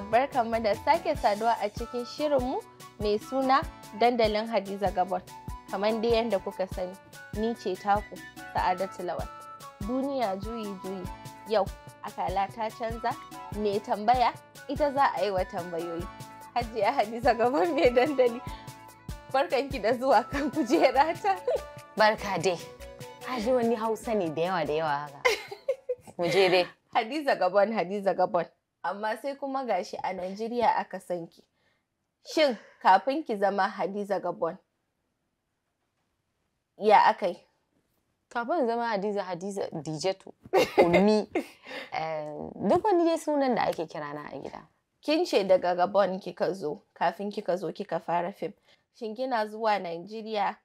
barkanmu da sake saduwa a cikin shirinmu mai suna dandalin Hadiza Gabon. Kamar dai yadda kuka sani, ni ce taku Sa'adatu Lawal. Duniya juyi juyi yau akala ta canza mai tambaya ita za a yi wa tambayoyi. Hajiya Hadiza Gabon mai dandali. Barkanki da zuwa kan kujera ta. Barka dai. Haji wani Hausa ne da yawa da yawa haka. Mu je dai. Hadiza Gabon, Hadiza Gabon. amma sai kuma gashi a Najeriya aka san ki. Shin kafin ki zama Hadiza Gabon, ya aka yi? Kafin zama Hadiza Hadiza Dijeto, Ummi, eh, duk wani dai sunan da ake kira na a gida. Kin ce daga Gabon kika zo, kafin kika zo kika fara fim. Shin kina zuwa Najeriya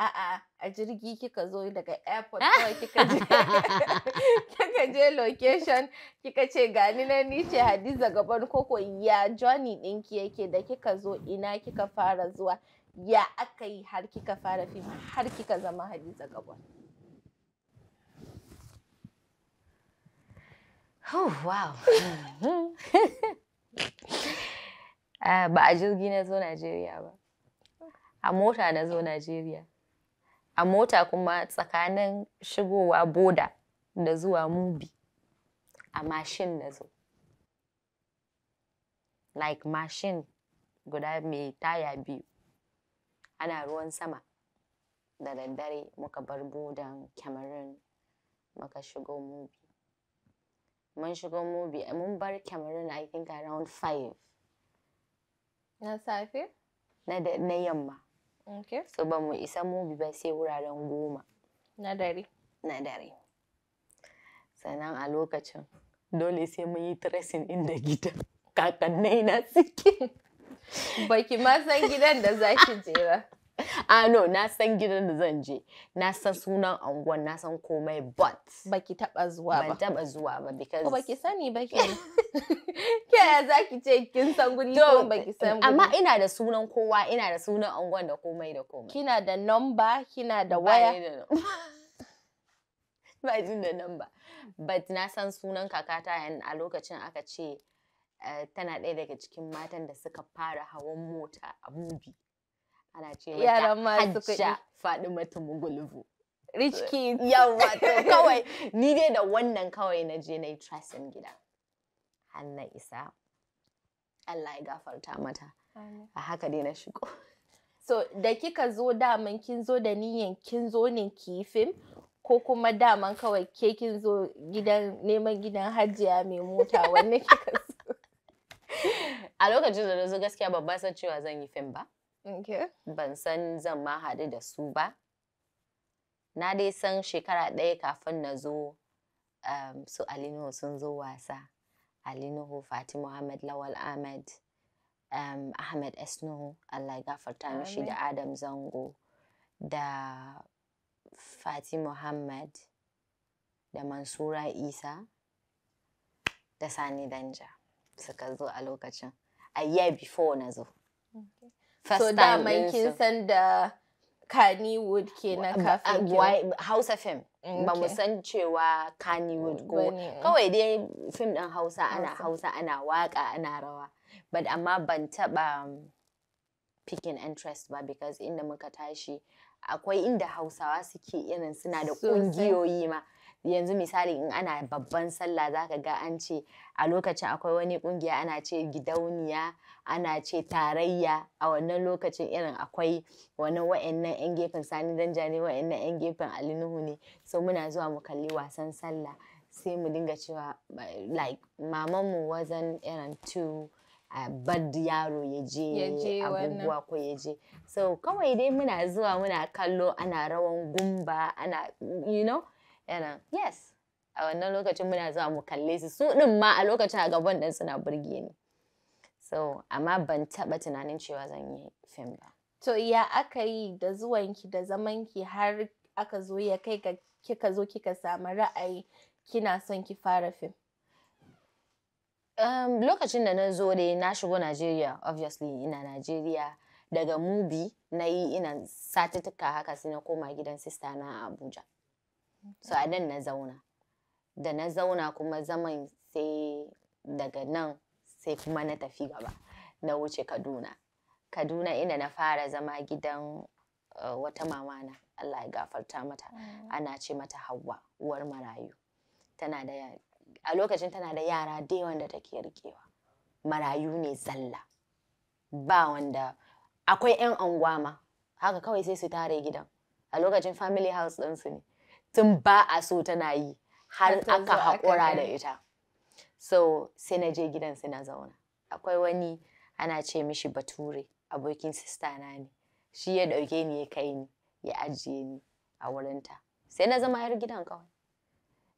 a'a a jirgi kika zo daga airport kawai kika je kika je location kika ce gani na ni ce Hadiza gaban koko ya Johnny ɗinki yake da kika zo ina kika fara zuwa ya aka yi har kika fara fim har kika zama Hadiza gaban Oh, wow. Ah, ba a jirgi na zo Najeriya ba. A mota na zo Najeriya. a mota kuma tsakanin shigowa boda da zuwa mubi a mashin na zo like mashin guda mai taya biyu ana ruwan sama da daddare muka bar bodan cameroon muka shigo mubi mun shigo mubi mun bar cameroon i think around 5 na safe na yamma So ba mu isa bi ba sai wuraren goma. Na dare. Na dare. Sannan a lokacin dole sai mun yi tracing inda gida kakannai na suke. Baki ma san gidan da za je ba. a ah, no na san gidan da zan je na san sunan angon na san komai but baki taba zuwa ba ban taba zuwa ba because ko baki sani ba ke ke zaki ce kin san guri ko baki san amma ina da sunan kowa ina da sunan angon da komai da komai kina da number kina da waya ba jin da number but na san sunan kakata a lokacin aka ce eh, tana ɗaya daga cikin matan da suka fara hawan mota a movie ana ce mata yaran masu faɗi mata Mugulubu rich kids yawa to kawai ni dai da wannan kawai na je na yi tracing gida har na isa Allah ya gafarta mata a haka dai na shigo so da kika zo daman kin zo da niyan kin zo ne ki fim ko kuma daman kawai ke kin zo gidan neman gidan hajiya mai mota wanne kika zo? a lokacin da na zo gaskiya babba san cewa zan yi fim ba Ban san zan ma haɗu da su ba. Na dai san shekara ɗaya kafin na zo um, su Nuhu sun zo wasa. Alinu Fatima Muhammad Lawal Ahmed, um, Ahmed Esnuhu, Allah ya gafarta mishi da Adam Zango, da Fatima Muhammad, da Mansura Isa, da Sani Danja suka zo a lokacin. A year before na zo. first so time daman kin san da Kannywood kenan kafin Hausa film mm, ba mu san cewa Kannywood ko kawai dai film ɗin Hausa ana Hausa ana waka ana rawa but amma ban taɓa um, picking interest ba because inda muka tashi akwai inda Hausawa suke irin suna da ƙungiyoyi ma yanzu misali in ana babban sallah za ka ga an ce a lokacin akwai wani kungiya ana ce gidauniya ana ce tarayya a wannan lokacin irin akwai wani wa'annan yan gefen sani dan jani wa'annan yan gefen alinuhu ne so muna zuwa mu kalli wasan sallah sai mu dinga cewa like mamanmu wajen irin two a eh, bad yaro ya je abubuwa ko ya je so kawai dai muna zuwa muna kallo ana rawan gumba ana you know irin yes a wannan lokacin muna zuwa mu kalle su su din ma a lokacin a gaban din suna burge ni so amma ban taba tunanin cewa zan yi fim ba to ya aka yi da zuwanki da zamanki har aka zo ya kai ga kika zo kika samu ra'ayi kina son ki fara fim um, lokacin da na zo dai na shigo Najeriya obviously ina Najeriya daga mubi na yi ina satuttuka haka sai na koma gidan sista na Abuja so a nan na zauna da na zauna kuma zaman sai daga nan sai kuma na tafi gaba na wuce kaduna kaduna inda na fara zama gidan eh, wata mamana allah ya gafarta mata mm. ana ce mata hawa uwar marayu tana da a lokacin tana da yara da yawan da take rikewa marayu ne zalla ba wanda akwai 'yan anguwa ma haka kawai sai su tare gidan a lokacin family house ɗinsu ne tun ba a so tana yi har aka haƙura da ita so sai na je gidan na zauna akwai wani ana ce mishi bature abokin sista na ne shi ya ɗauke ni ya kai ni ya ajiye ni a wurinta sai na zama yar gidan kawai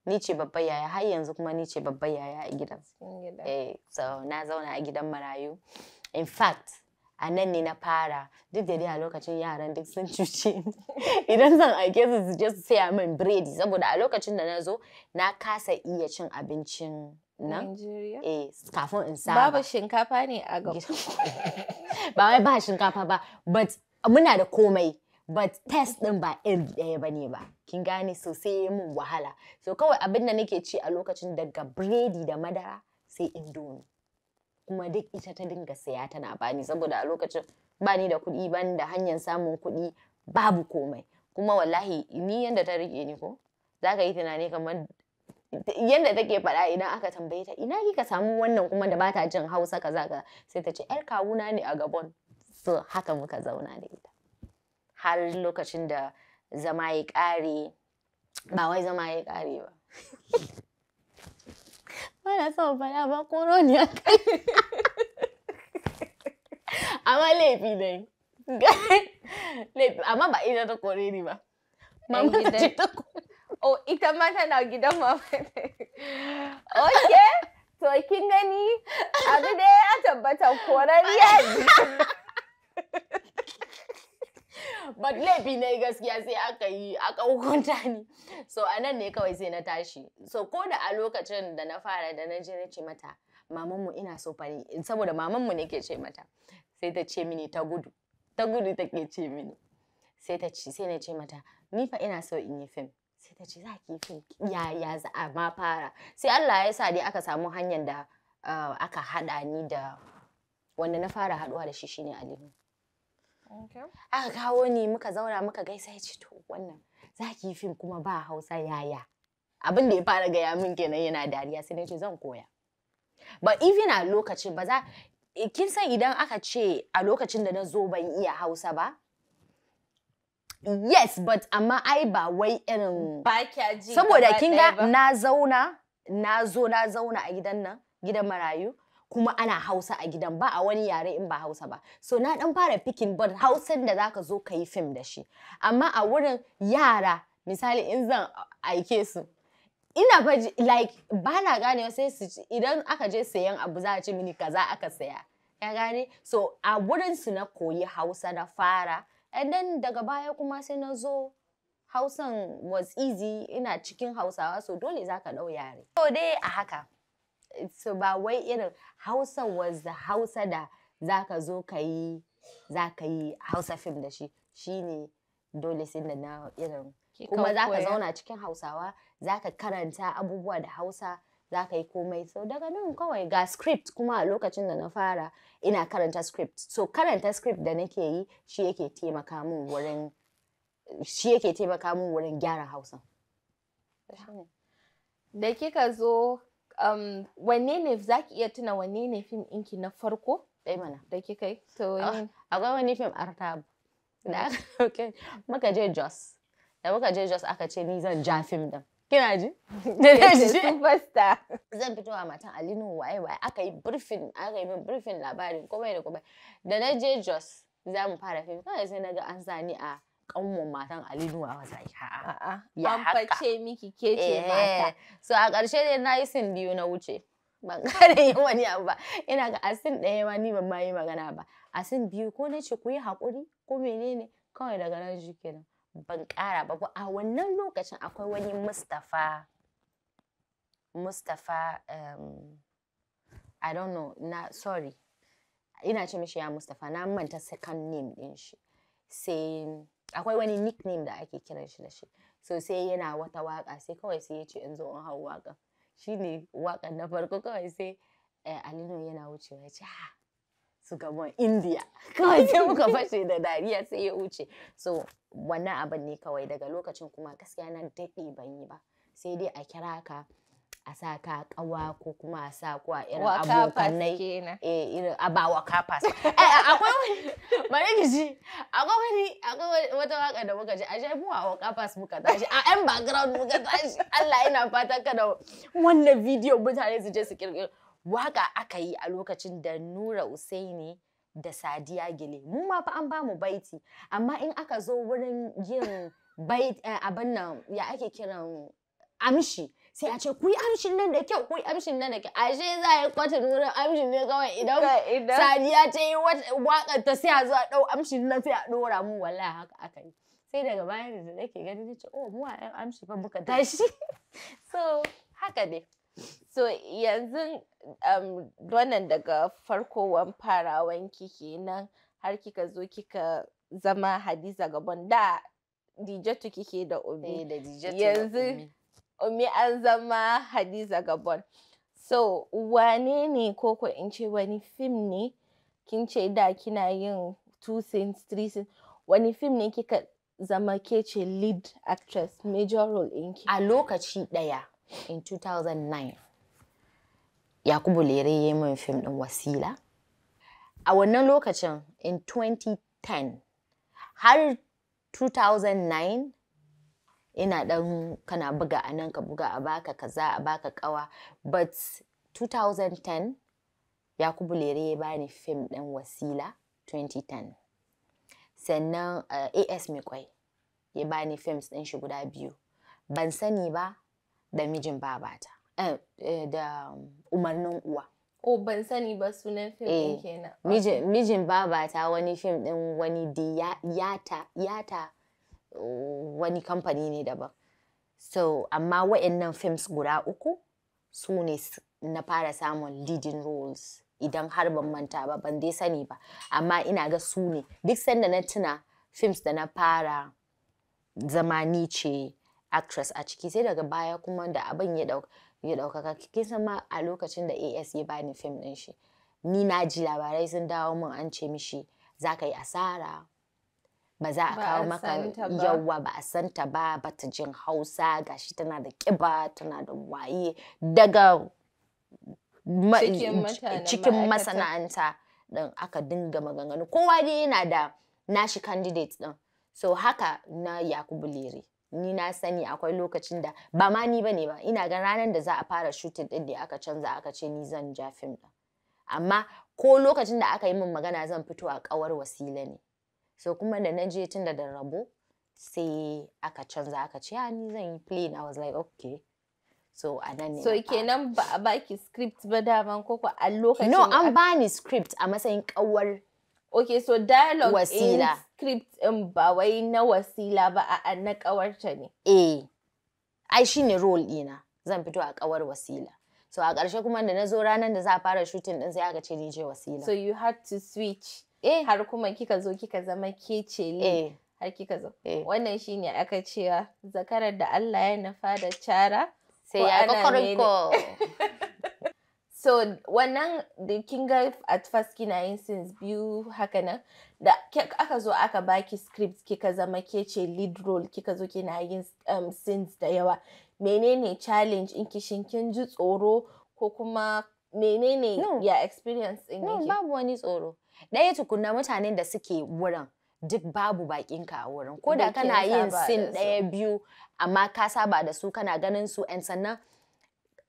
ni ce babbar yaya har yanzu kuma ni ce babbar yaya a gidan eh so na zauna a gidan marayu in fact a nan ne na fara duk da dai a lokacin yaran duk sun cuce idan zan aike su su je su saya min biredi saboda a lokacin da na zo na kasa iya cin abincin nan eh kafin in saba babu shinkafa ne a gaba ba wai ba shinkafa ba but muna da komai but test din ba iri ɗaya ba ne ba kin gane so sai yi min wahala so kawai abin da nake ci a lokacin daga biredi da madara sai indomi kuma duk ita ta dinga saya tana bani saboda a lokacin bani da kuɗi ban da hanyar samun kuɗi babu komai kuma wallahi ni yanda ta rike ni ko za ka yi tunani kamar yanda take faɗa idan aka tambaye ta ina kika samu wannan kuma da bata jin Hausa ka zaka? sai ta ce yar kawuna ne a Gabon so haka muka zauna da ita har lokacin da zama ya ƙare ba wai zama ya ƙare ba ba na son faɗa ba koro ne a kai amma laifi ne amma ba ita ta kore ni ba mama ta ce ta kore oh ita ma tana gidan mama Ok, to kin gani abu da ya tabbata korariya ne but laifi na gaskiya sai aka yi aka hukunta ni so a nan ne kawai sai na tashi so ko da a lokacin da na fara da na je na ce mata mamanmu ina so fari saboda mamanmu ne ke ce mata sai ta ce mini ta gudu ta gudu ta ke ce mini sai ta ce sai na ce mata ni fa ina so in yi fim sai ta ce za ki fim ya ya za a ma fara sai Allah ya sa dai aka samu hanyar da ah, aka haɗa ni da wanda na fara haduwa da shi shine Aliyu Aka kawo ni muka zauna muka gaisa ya ce to wannan za ki yi fim kuma ba Hausa yaya. Abin da ya fara gaya min kenan yana dariya sai na ce zan koya. Ba even a lokacin ba za kin san idan aka ce a lokacin da na zo ban iya Hausa ba Yes, but amma ai ba wai irin saboda kin ga na zauna na zo na zauna a gidan nan gidan marayu kuma ana hausa a gidan ba a wani yare in ba hausa ba so na dan fara fikin but hausan da zaka zo ka yi fim da shi amma a wurin yara misali in zan aike su ina faji like ba na ganewa sai su idan aka je sayan abu za a ce mini kaza aka saya ya gane so a wurin su na koyi hausa na fara and then daga baya kuma sai na zo hausan was easy ina cikin hausawa so dole zaka dau yare so dai a haka so ba wai irin hausa was the hausa da za ka zo ka yi za ka yi hausa fim da shi shine dole sai da na irin kuma za ka zauna cikin hausawa za ka karanta abubuwa da hausa za ka yi komai so daga nan kawai ga script kuma a lokacin da na fara ina karanta script so karanta script da nake yi shi yake taimaka min wurin shi yake taimaka min wurin gyara hausa da kika zo um, wanne ne za ki iya tuna wanne ne fim ɗinki na farko dai mana da kika yi to ah, akwai wani fim artab da aka ah. muka je jos da muka je jos aka ce ni zan ja fim din kina ji da da ji zan fito a matan alinu waye waye aka yi briefing aka yi briefing labarin komai da komai da na je jos za mu fara fim kawai sai na ga an sani a kanwan matan Ali Nuwa a sai ya haka miki ke ce eh, mata so a ƙarshe dai na yi sin biyu na wuce ban kare wani abu ba ina ga asin ɗaya ma ni ban ma yi magana ba asin biyu ko na ce ku yi haƙuri ko menene kawai daga nan shi kenan ban ƙara ba a wannan lokacin akwai wani Mustapha Mustapha I don't know na sorry ina ce mishi ya Mustapha na manta second name ɗin shi sai akwai wani nickname da ake kiran shi da shi so sai yana wata waka sai kawai sai ya ce in zo in hau waka shine wakan na farko kawai sai eh, Aliyu yana wucewa ya ce ha su gaban india kawai sai muka fashe da dariya sai ya wuce so wannan abin ne kawai daga lokacin kuma gaskiya na daɗe ban yi ba sai dai a kira ka a sa ka kawa ko kuma a sa ko a irin abokanai eh irin pass. kafas eh, eh, akwai wani bari ki ji akwai wani akwai wata waka da muka ji a mu a wa kafas muka tashi a yan background muka tashi Allah ina fatan da wannan video mutane su je su kirkiro waka aka yi a lokacin da Nura Usaini da Sadiya Gile mu ma fa an ba mu baiti amma in aka zo wurin yin bait eh, abin nan ya ake kiran amshi sai a ce ku yi amshin nan da kyau ku yi amshin nan da kyau ashe za a yi kwata nuna amshin ne kawai idan sadiya ta yi wakar ta sai a zo a dau amshin nan sai a ɗora mu wallahi haka aka yi sai daga baya da nake gani ce oh mu a yan amshi fa muka tashi so haka ne so yanzu um, wannan daga farko farawan kike nan har kika zo kika zama hadiza gabon da dijetu kike da obi eh, yanzu umi an zama hadiza gabon so wane ne ko in ce wani fim ne kin ce da kina yin two scenes three scenes wani fim ne kika zama ke ce lead actress major role ki? a lokaci ɗaya in 2009 yakubu lere ya yi min fim ɗin wasila a wannan lokacin in 2010 har 2009 ina dan kana buga a nan ka buga a baka kaza a baka kawa but 2010 yakubu lere ya bani fim din wasila 2010 sannan uh, eh, as mai kwai ya bani films din shi guda biyu ban sani ba da mijin babata eh, eh da um, umarnin uwa o oh, ban sani ba sunan fim din eh, kenan mijin babata wani fim din wani di yata yata wani kamfani ne daban so amma wa'annan films guda uku su ne na fara samun leading roles idan har ban manta ba ban dai sani ba amma ina ga su ne duk sanda na tuna films da na fara zamani ce actress a ciki sai daga baya kuma da abin ya ɗaukaka kin san ma a lokacin da as ya bani fim ɗin shi ni na ji labarai sun dawo min an ce mishi za ka yi asara ba za a kawo maka yawa ba a santa ba ba ta jin hausa gashi tana da kiba tana da waye daga cikin masana'anta din aka dinga maganganu kowa dai yana da nashi candidate din so haka na yakubu lere ni na sani akwai lokacin da ba ma ni bane ba ina ga ranar da za a fara shooting din da aka canza aka ce ni zan ja fim din amma ko lokacin da aka yi min magana zan fito a kawar wasila ne so kuma da na je tun da rabo sai aka canza aka ce ya ah, ni zan yi plane i was like okay so a nan ne so kenan ba a baki script ba daman ko ko a lokacin no an bani script a matsayin kawar okay so dialogue wasila. in script in ba wai na wasila ba a na kawarta ne eh ai shine role dina zan fito a kawar wasila so a ƙarshe kuma da na zo ranar da za a fara shooting din sai aka ce ni je wasila so you had to switch eh har kuma kika zo kika zama ke ce eh. har kika zo eh. wannan shine aka cewa zakarar da Allah ya nafa da cara sai ya kokoriko so wannan da kin ga at first kina yin sins biyu haka nan da aka zo aka baki script kika zama ke ce lead role kika zo kina yin um, sins da yawa menene challenge in kishin kin ji tsoro ko kuma menene no. ya experience din no, yake babu wani tsoro ɗaya tukunna mutanen da suke wurin duk babu bakin ka a wurin ko da kana yin sin ɗaya biyu amma ka saba da su kana ganin su 'yan sannan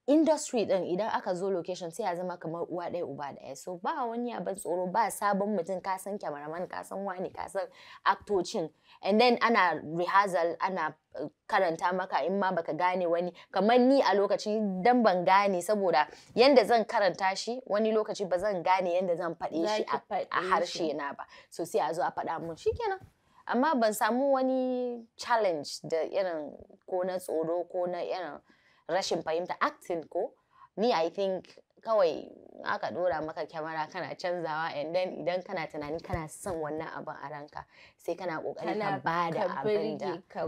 industry din idan aka zo location sai ya zama kamar uwa ɗaya uba ɗaya so ba wani abin tsoro ba sabon mutum ka san cameraman ka san wani ka san actocin and then ana rehearsal ana uh, karanta maka in ma baka gane wani kamar ni a lokaci dan ban gane saboda yanda zan karanta shi wani lokaci ba zan gane yanda zan faɗe shi a harshe na ba so sai a zo a faɗa mun shikenan amma ban samu wani challenge da irin ko na tsoro ko na irin rashin fahimta acting ko ni i think kawai aka dora maka kyamara kana canzawa and then idan kana tunani kana son wannan abin a ranka sai kana kokari ka bada abin ka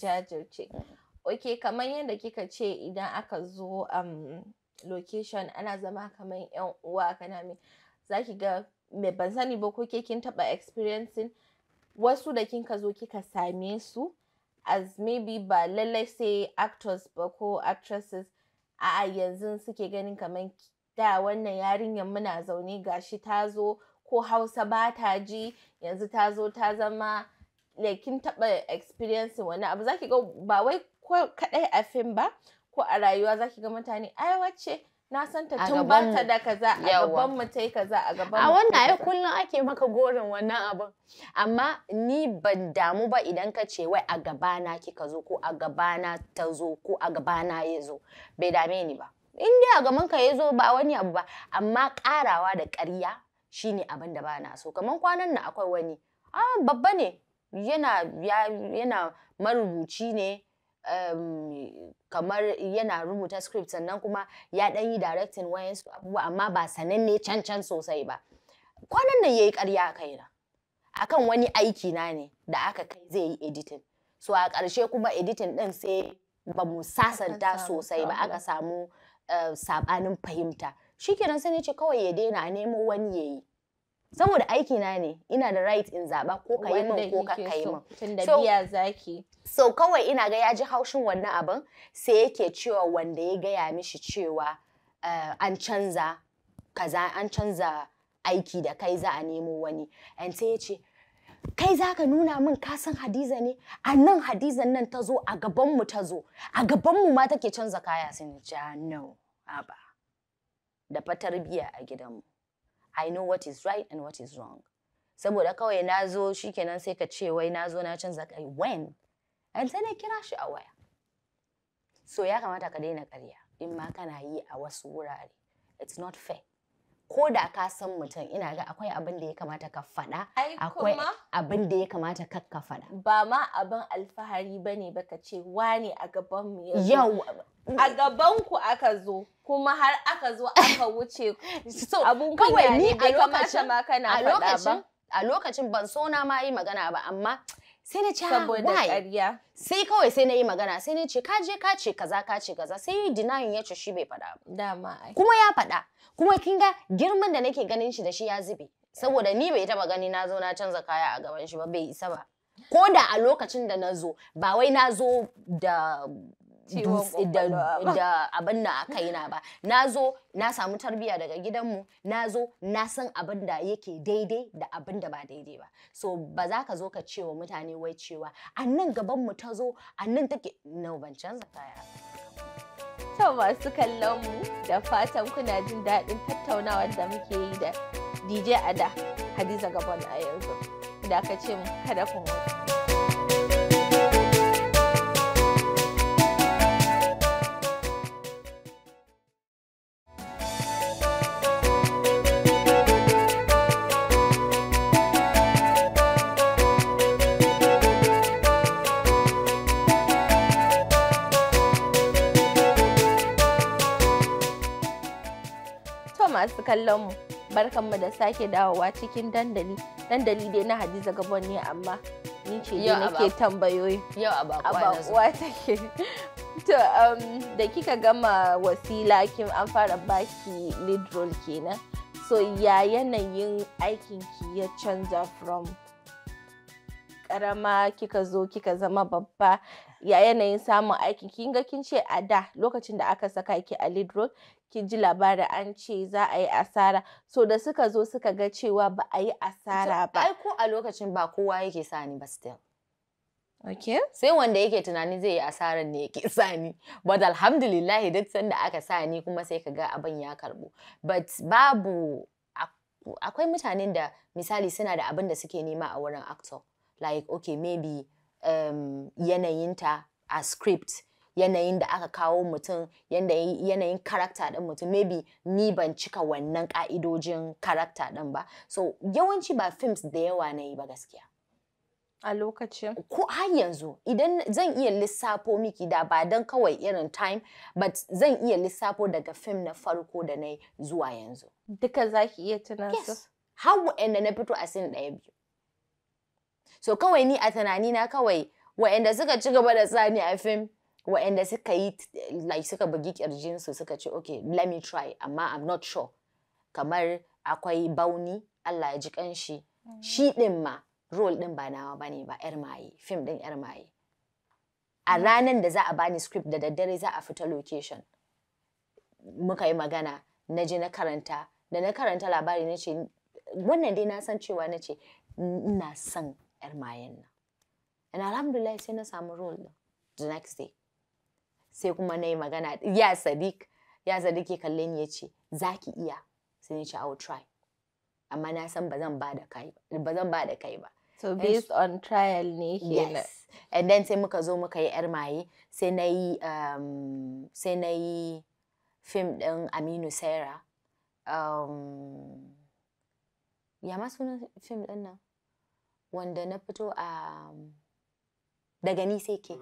jajirce mm. ok kamar yadda kika ce idan aka zo um, location ana zama kamar yan uwa kana mai zaki ga me ban sani ba ko ke kin taba experiencing wasu da ka zo kika same su as maybe ba lallai sai actors ba ko actresses a'a yanzu suke ganin kamar da wannan yarinyar muna zaune Ga shi ta zo ko hausa ba ta ji yanzu ta zo ta zama Yakin taba taɓa experience wani abu zaki ga ba wai kadai a fim ba ko a rayuwa zaki ga mutane ai wacce na san ta tun ba ta da kaza a gaban mu tai kaza a gaban a wannan ai kullun ake maka gorin wannan abin amma ni ban damu ba idan ka ce wai a gabana kika zo ko a gabana ta zo ko a gabana ya zo bai dame ni ba in dai a gaban ka ya zo ba wani abu ba amma karawa da ƙarya shine abin da bana so kaman kwanan nan akwai wani a ah, babba ne yana yana marubuci ne um, kamar yana rubuta script sannan kuma ya ɗan yi directing wayansu abubuwa amma ba sananne can can sosai ba kwanan nan yayi ƙarya a kaina akan wani aiki na ne da aka kai zai yi editing so a ƙarshe kuma editing ɗin sai ba mu sasanta sosai ba aka samu uh, eh, sabanin fahimta shikenan sai ne ce kawai ya daina a nemo wani yayi saboda aikina na ne ina da right in zaba ko ka yi min ko ka yi min tunda biya zaki so kawai ina ga ya ji haushin wannan abin sai yake cewa wanda ya gaya mishi cewa eh, an canza kaza an canza aiki da kai za a nemo wani and sai ya ce kai za ka nuna min ka san hadiza ne a nan hadizan nan ta zo a gabanmu ta zo a gaban mu ma take canza kaya sun ja ah, no aba da fatar biya a gidanmu I know what is right and what is wrong. Saboda kawai na zo shi kenan sai ka ce wai na zo na canza kai when? And sai na kira shi a waya. So ya kamata ka daina karya in ma kana yi a wasu wurare. It's not fair. Ko da ka san mutum ina ga akwai abin da ya kamata ka faɗa, akwai abin da ya kamata ka ka faɗa. Ba ma abin alfahari ba ne ba ka ce wane a gaban mu Yau. A gaban ku aka zo. kuma har aka zo aka wuce so abun kawai ni a lokacin ma kana a lokacin a lokacin ban so na ma yi magana ba amma sai na ce ah, saboda ƙarya sai kawai sai na yi magana sai na ce ka je ka ce kaza ka ce kaza sai yi denying ya ce shi bai faɗa ba dama kuma ya faɗa kuma kin ga girman da nake ganin shi da shi ya zube saboda ni bai taba gani na zo na canza kaya a gaban shi ba bai isa ba ko da a lokacin da na zo ba wai na zo da da abin da aka na ba na zo na samu tarbiya daga gidanmu na zo na san abin da yake daidai da abin da ba daidai ba so ba za ka zo ka ce wa mutane wai cewa a nan gaban mu ta zo a nan take no ban canza kaya to masu kallon mu da fatan kuna jin daɗin tattaunawar da muke yi da DJ Ada Hadiza gaban a yanzu da ka ce mu kada ku mutu kallon mu barkanmu da sake dawowa cikin dandali dandali dai na hadiza gabon ne amma ni ce dai nake tambayoyi yau a bakuwa take to um, da kika gama wasila kin an fara baki lead role kenan so ya yanayin aikin ki ya canza from karama kika zo kika zama babba ya yanayin samun aikin kin ga kin ce a da lokacin da aka saka ki a lead role kin ji labari an ce za a yi asara so da suka zo suka ga cewa ba a yi asara ba ai ko a lokacin ba kowa yake sani ba still Okay. Sai wanda yake tunani zai yi asarar ne yake sani. But alhamdulillah duk sanda aka sani kuma sai ka ga abin ya karbu. But babu akwai mutanen da misali suna da abin da suke nema a wurin actor. Like okay maybe um, yanayinta a script yanayin da aka kawo mutum yanayin karakta ɗin mutum maybe ni ban cika wannan ka'idojin karakta ɗin ba so yawanci ba films da yawa na yi ba gaskiya a lokacin ko har yanzu idan zan iya lissafo miki da ba don kawai irin time but zan iya lissafo daga fim na farko da na zuwa yanzu duka zaki iya tuna yes. har wa'anda na fito a sin ɗaya biyu so kawai ni a tunani na kawai wa'anda suka ci gaba da tsani a fim waɗanda suka yi like suka bugi kirjinsu suka ce okay let me try amma i'm not sure kamar akwai bauni Allah ya ji kanshi mm. shi din ma role din ba nawa bane ba yar maye film din yar maye a mm. ranar da za a bani script da daddare za a fita location muka yi magana na je na karanta da na karanta labari na ce wannan dai na san cewa na ce ina son yar mayen nan and alhamdulillah sai na samu role the next day sai kuma na yi magana ya sadiq ya sadiq ya kalle ni ya ce za ki iya sai ni ce i will try amma na san ba zan ba da kai ba zan ba da kai ba so based on trial ne yes and then sai muka zo muka yi yar maye sai na yi um, sai na yi film din Aminu Saira. Um, ya ma sunan film din nan wanda na fito a um, daga ni sai ke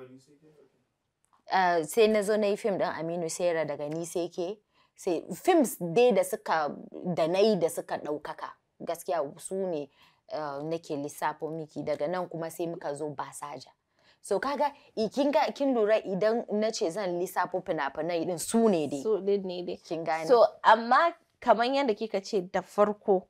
sai na zo na yi fim ɗin aminu sera daga ni sai ke sai films dai da suka da na yi da suka ɗaukaka gaskiya su ne nake lissafo miki daga nan kuma sai muka zo basaja so kaga kin ga kin lura idan na ce zan lissafo fina-finai din su ne dai su ne dai so amma kamar yadda kika ce da farko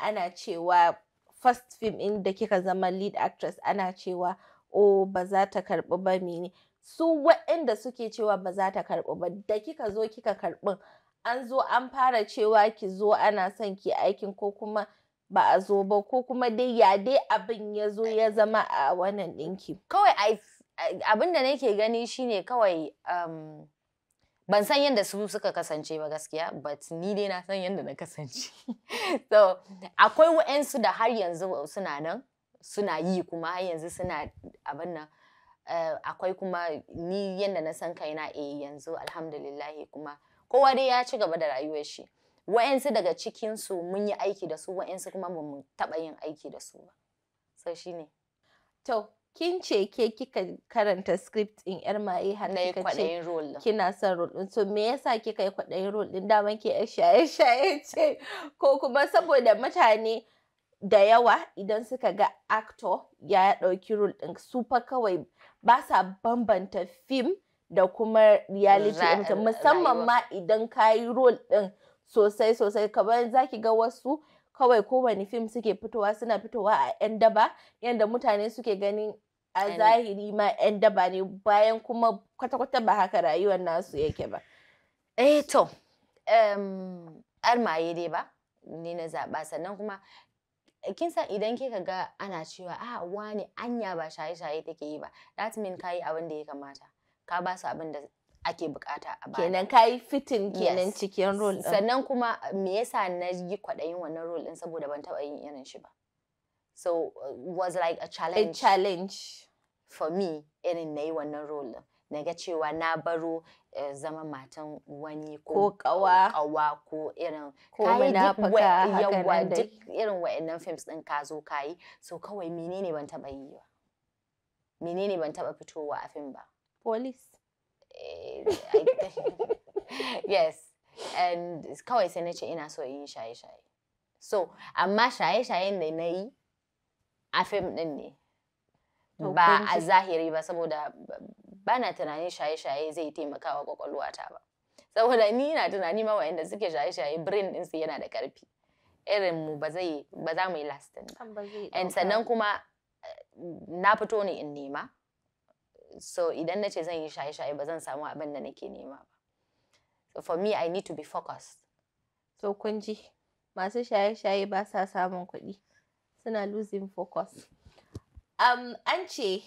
ana cewa first film in da kika zama lead actress ana cewa o oh, ba za ta karɓi ba mene su waɗanda suke cewa ba za ta karɓi ba da kika zo kika karɓi an zo an fara cewa ki zo ana son ki aikin ko kuma ba a zo ba ko kuma dai ya dai abin ya zo ya zama a wannan ɗinki. Kawai abin da nake gani shine kawai um, ban san yadda su suka kasance ba gaskiya but ni dai na san yadda na kasance. so akwai wa'ansu da har yanzu suna nan suna yi kuma har yanzu suna abin nan. Eh, akwai kuma ni yadda na san kaina e yanzu alhamdulillahi kuma kowa dai ya ci gaba da rayuwar shi wa'yansu daga cikinsu mun yi aiki da su wa'yansu kuma ba mu taɓa yin aiki da su ba so shine to kin ce ke kika karanta script in yar maye har kika ce kina son role din so me yasa kika yi kwaɗayin role din daman ke yar shaye shaye ce ko kuma saboda mutane da yawa idan suka ga actor ya ɗauki role din su fa kawai ba sa bambanta fim da kuma reality eh, musamman ma idan ka yi role din sosai sosai kamar zaki ga wasu kawai kowane fim suke fitowa suna fitowa a 'yan daba yadda mutane suke ganin a zahiri ma 'yan daba ne bayan kuma kwata-kwata ba haka rayuwar nasu yake ba eh to um, ba ni na zaɓa sannan kuma kin san idan kika ga ana cewa a wani anya ba shaye-shaye take yi ba that mean kayi abin da ya kamata ka ba su abin da ake bukata a baya kenan kai fitin kenan cikin role sannan kuma me yasa na yi kwaɗayin wannan role din saboda ban taba yin irin shi ba so was like a challenge a challenge for me irin nayi wannan role din na ga cewa na baro Eh, zama matan wani ko kawa kawa ko irin kayi duk yawa duk irin wa'annan films din ka zo kayi so kawai menene ban taba yi ba menene ban taba fitowa a fim ba police eh, yes and kawai sai na ce ina so yin shaye-shaye so amma shaye-shayen da na yi a fim din ne ba a zahiri ba saboda ba na tunanin shaye-shaye zai taimaka wa kwakwalwata ba saboda ni na tunani ma wayanda suke shaye-shaye birin din su yana da karfi irin mu ba zai ba za mu yi lasting and sannan kuma eh, na fito ne in nema so idan na ce zan yi shaye-shaye ba zan samu abin da nake nema ba so for me i need to be focused so kun ji masu shaye-shaye ba sa samun kuɗi suna losing focus um, an ce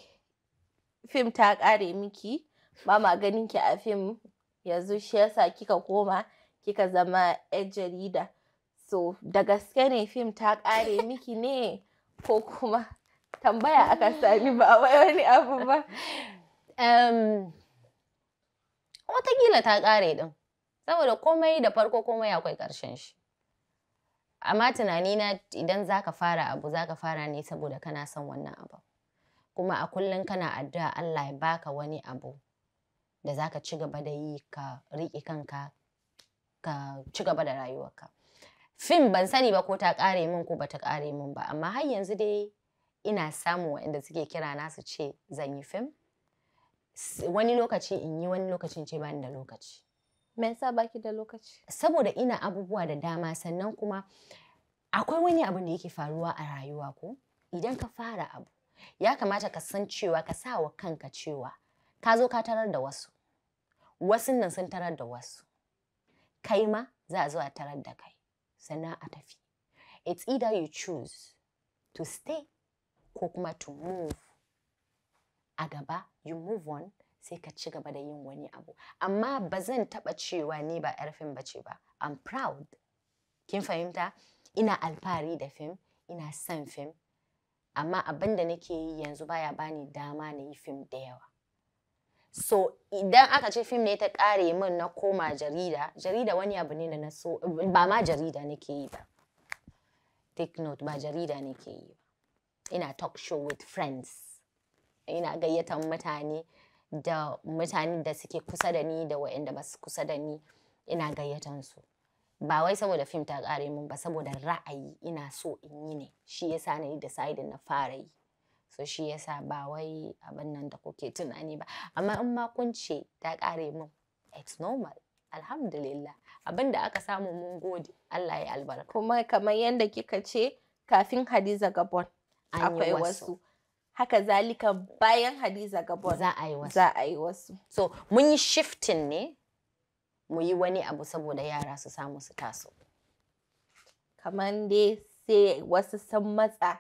fim ta ƙare miki ba ma ganin ki a fim yanzu shi yasa kika koma kika zama yar jarida so da gaske ne fim ta ƙare miki ne ko kuma tambaya aka sani ba wai wani abu ba um, watakila ta ƙare ɗin saboda komai da farko komai akwai ƙarshen shi amma na idan zaka fara abu zaka fara ne saboda kana son wannan abu kuma a kullum kana addu'a Allah ya baka wani abu da za ka ci gaba da yi ka riƙe kanka ka ci gaba da rayuwarka fim ban sani ba ko ta ƙare min ko bata ƙare min ba amma har yanzu dai ina samu waɗanda suke kira na su ce zan yi fim wani lokaci in yi wani lokacin ce bani da lokaci me yasa baki da lokaci saboda ina abubuwa da dama sannan kuma akwai wani abu da yake faruwa a rayuwa ko idan ka fara abu ya kamata ka san cewa ka sa wa kanka cewa ka zo ka tarar da wasu wasun nan sun tarar da wasu kai ma za a zo a tarar da kai sannan a tafi it's either you choose to stay ko kuma to move a gaba you move on sai ka ci gaba da yin wani abu amma ba zan taba cewa ni ba yar fim ce ba i'm proud kin fahimta ina alfahari da fim ina son fim amma abin da nake yi yanzu baya bani dama na yi fim da yawa so idan aka ce fim ne ta kare min na koma jarida jarida wani abu ne da na so ba ma jarida nake yi ba take note ba jarida nake yi ina talk show with friends ina gayyata mutane da mutane da suke kusa da ni da waɗanda ba su kusa da ni ina gayyatan su ba wai saboda fim ta ƙare min ba saboda ra'ayi ina so in yi ne shi yasa na yi decide na fara yi so shi yasa ba wai abin nan da kuke tunani ba amma in ma kun ce ta ƙare min it's normal alhamdulillah abin da aka samu mun gode Allah ya albarka kuma kamar yadda kika ce kafin Hadiza Gabon akwai wasu haka zalika bayan Hadiza Gabon za a yi wasu za a yi wasu so mun yi shifting ne mu yi wani abu saboda yara su samu su taso kamar dai sai wasu sun matsa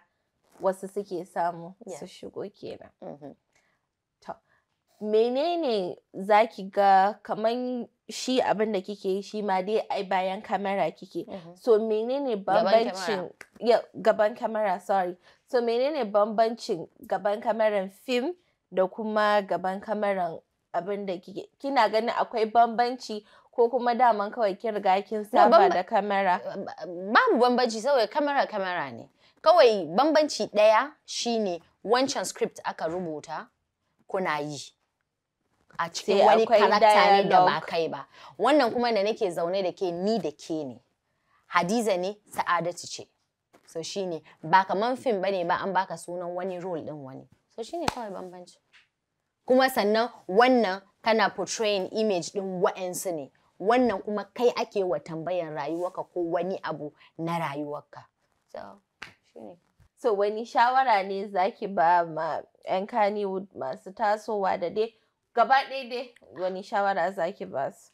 wasu suke samu su shigo kenan mm-hmm. menene za ki ga kamar shi abin da kike shi ma dai ai bayan kamera kike mm-hmm. so menene bambancin gaban kamera sorry so menene bambancin gaban kameran film da kuma gaban kameran abin da kike kina ganin akwai bambanci ko kuma daman kawai kin riga kin saba da kamera babu bambanci saboda kamera kamera ne kawai bambanci ɗaya shine wancan script aka rubuta kuna yi a cikin wani karakta ne da ba kai ba wannan kuma da nake zaune da ke ni da ke ne hadiza ne sa'adatu ce so shine ba kaman fim bane ba an baka sunan wani role din wani so shine kawai bambanci kuma sannan wannan kana portraying image din wa'ensu ne wannan kuma kai ake wa tambayan rayuwarka ko wani abu na rayuwarka so so wani shawara ne zaki ba ma yan Kannywood masu tasowa da dai gaba ɗaya dai wani shawara zaki ba su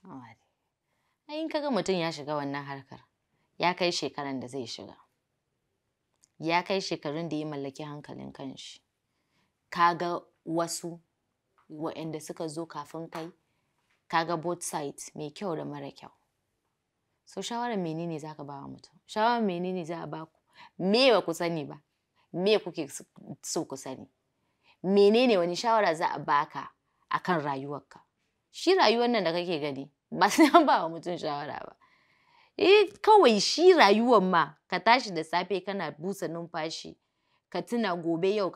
in kaga mutum ya shiga wannan harkar ya kai shekaran da zai shiga ya kai shekarun da ya mallaki hankalin kanshi kaga wasu waɗanda suka zo kafin kai kaga both sides mai kyau da mara kyau so shawarar menene zaka ba wa mutum shawarar menene za a ku me ba ku sani ba me kuke so ku sani menene wani shawara za a baka akan rayuwarka shi rayuwar nan da kake gani ba sai ba wa mutum shawara ba E kawai shi rayuwar ma ka tashi da safe kana busa numfashi ka tuna gobe yau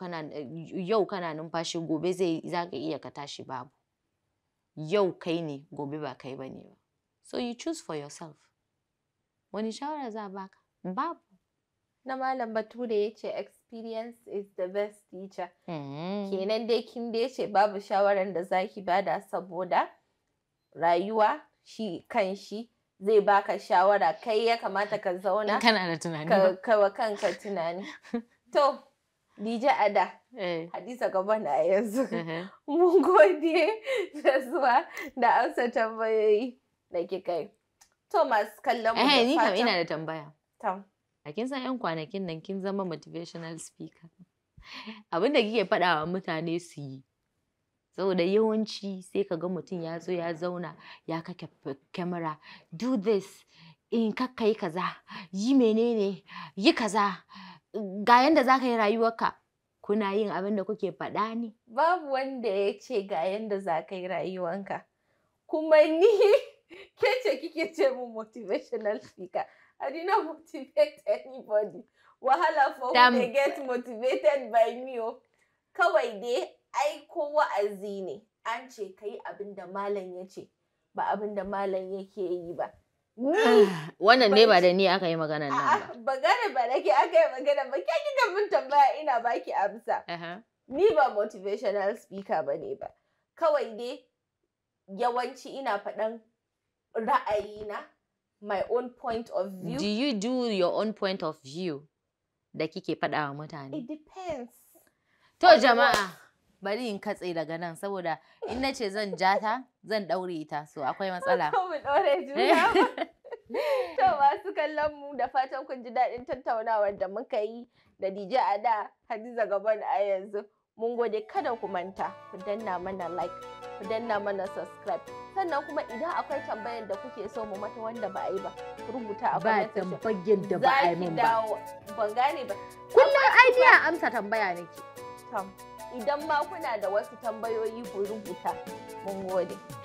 kana numfashi gobe zai zaka iya ka tashi babu yau kai ne gobe ba kai ba ne so you choose for yourself wani shawara za baka babu na malam bature ya ce experience is the best teacher mm-hmm. kenan dai kin dai ce babu shawaran da zaki bada saboda rayuwa shi kan shi zai baka shawara kai ya kamata ka zauna kana kanka tunani to DJ Ada. Eh. Hadiza gaban a yanzu. Mun gode da zuwa da amsa tambayoyi da ke kai. Thomas kallon mu da fatan. Ni kam ina da tambaya. Tam. A kin san 'yan kwanakin nan kin zama motivational speaker. Abin da kike faɗa wa mutane su yi. Saboda yawanci sai ka ga mutum ya zo ya zauna ya kake kyamara. Do this in kakkai kaza, yi menene, yi kaza. ga yanda za ka yi rayuwarka kuna yin abin da kuke faɗa ne babu wanda ya ce ga yanda za ka yi rayuwarka, kuma ni ke ce kike ce mu motivational speaker I do not motivate anybody wahala for who they get motivated by me oh. kawai dai ai ko wa'azi ne an ce ka yi abin da malam ya ce ba abin da malam yake yi ba Ah, wannan ne ba da ni aka yi magana nan ba. gane ba da ke aka yi magana ba, kya kika mun tambaya ina baki amsa. Ni ba motivational speaker ba ne ba. Kawai dai yawanci ina faɗan ra'ayina, my own point of view. Do you do your own point of view da kike faɗa wa mutane? It depends. To jama'a. bari in katse daga nan saboda in na ce zan ja ta zan daure ita so akwai matsala. Ko mu daure juna. To masu kallon mu da fatan kun ji daɗin tattaunawar da muka yi da DJ Ada Hadiza gaban a yanzu. Mun gode kada ku manta ku danna mana like ku danna mana subscribe sannan kuma idan akwai tambayar da kuke so mu mata wanda ba a yi ba rubuta a ba tambayar da ba a yi ba ban gane ba kullum ai amsa tambaya nake tam Idan ma kuna da wasu tambayoyi ku rubuta. Mun gode.